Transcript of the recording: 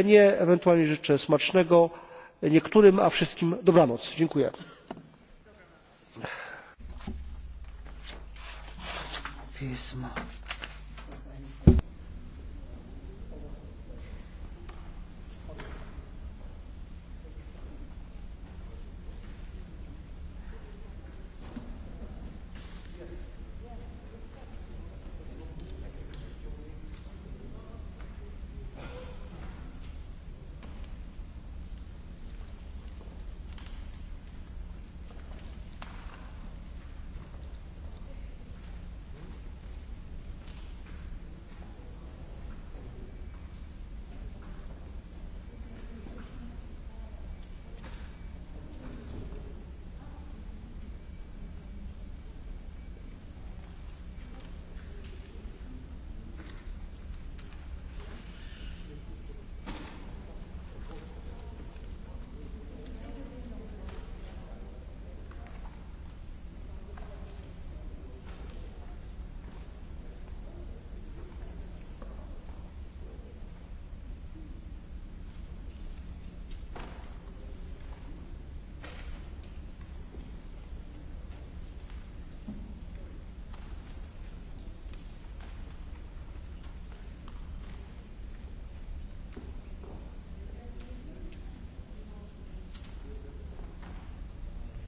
ecr ewentualnie życzę smacznego niektórym a wszystkim dobranoc. dziękuję.